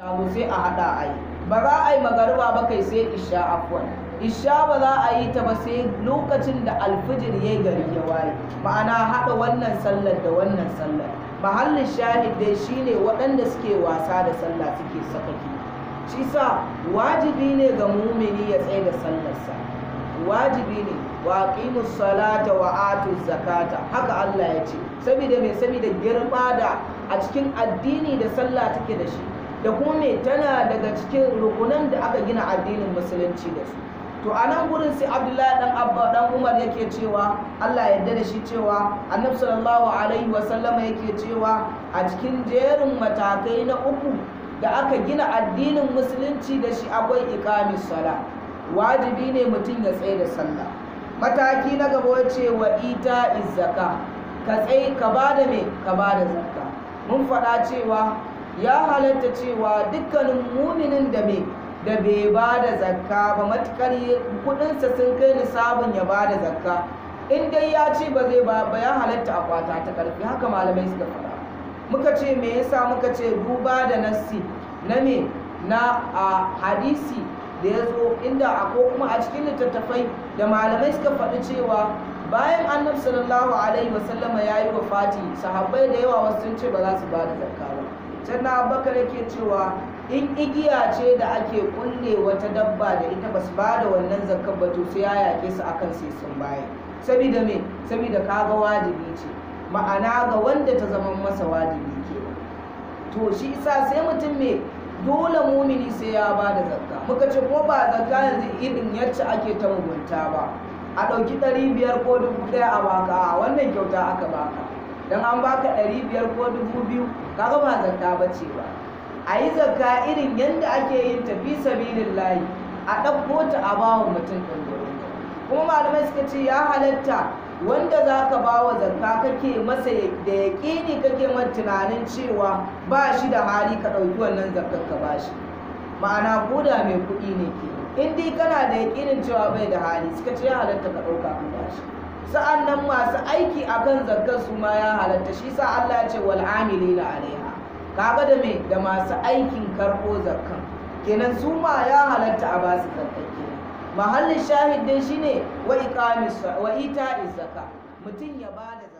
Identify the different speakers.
Speaker 1: samu sai a haɗa a yi ba za a yi magariba ba kai sai isha afwan isha ba za a yi ta ba sai lokacin da alfijir ya gari ya waye ma'ana haɗa wannan sallar da wannan sallar mahallin shahid dai shine waɗanda suke wasa da sallah suke sakaki shi sa wajibi ne ga mumini ya tsaye da sallarsa wajibi ne Waƙi aqimu salata wa atu zakata haka Allah ya ce saboda mai saboda girma da a cikin addini da sallah take da shi da kuma tana daga cikin rukunan da aka gina addinin musulunci da su to a nan gurin sai abdullahi dan abba dan umar yake cewa allah Ya yarda da shi cewa annabi sallallahu alaihi wasallama yake cewa a cikin jerin matakai na uku da aka gina addinin musulunci da shi akwai iqamis sala wajibi ne mutum ya tsaye da sallah mataki na gaba wace wa ita izzaka ka tsaye ka bada me ka bada zakka mun faɗa cewa ya halatta cewa dukkanin muminin da bai da bai ba da zakka ba matukar kudinsa sun kai nisabin ya ba da zakka in dai ya ce ba zai ba ya halatta a kwata ta karfi haka malamai suka faɗa muka ce me yasa muka ce duba da nassi na me na a hadisi da ya zo inda a ko kuma a cikin littattafai da malamai suka faɗi cewa bayan annabi sallallahu alaihi wasallama ya yi wa fati sahabbai da yawa wasu sun ce ba za su ba da zakka ba sannan bakar yake cewa in igiya ce da ake kunne wata dabba da ita ba su bada wannan zakar ba to sai ya yake su akan sai sun baya saboda me saboda kaga wajibi ce ma'ana ga wanda ta zama masa wajibi ke to shi isa sai mutum me dole mumini sai ya bada zakka muka ce ko ba zakka yanzu irin yacce ake ta mugunta ba a ɗauki ɗari biyar ko dubu ɗaya a baka wannan kyauta aka baka don an baka ɗari biyar ko dubu biyu kaga ba zakka ba ce ba a yi zakka irin yadda ake yin tafi sabilin layi a ɗauko ta a bawa mutum ɗin kuma malamai suka ce ya halatta wanda za ka ba wa zakka kake masa da ya ƙini kake man tunanin cewa ba shi da hali ka ɗauki wannan zakkar ka ba shi ma'ana buda mai kuɗi ne ke in dai kana da yaƙinin cewa bai da hali suka ce ya halatta ka ɗauka ka ba shi sa'an nan masu aiki a kan zakar su ma ya halatta shi sa Allah ce wal amilina alaiha kaga da mai da masu aikin karɓo zakkan kenan su ma ya halatta a basu zakka kenan mahallin shahid shi shine wa iqamis wa ita'iz zakka mutum ya bada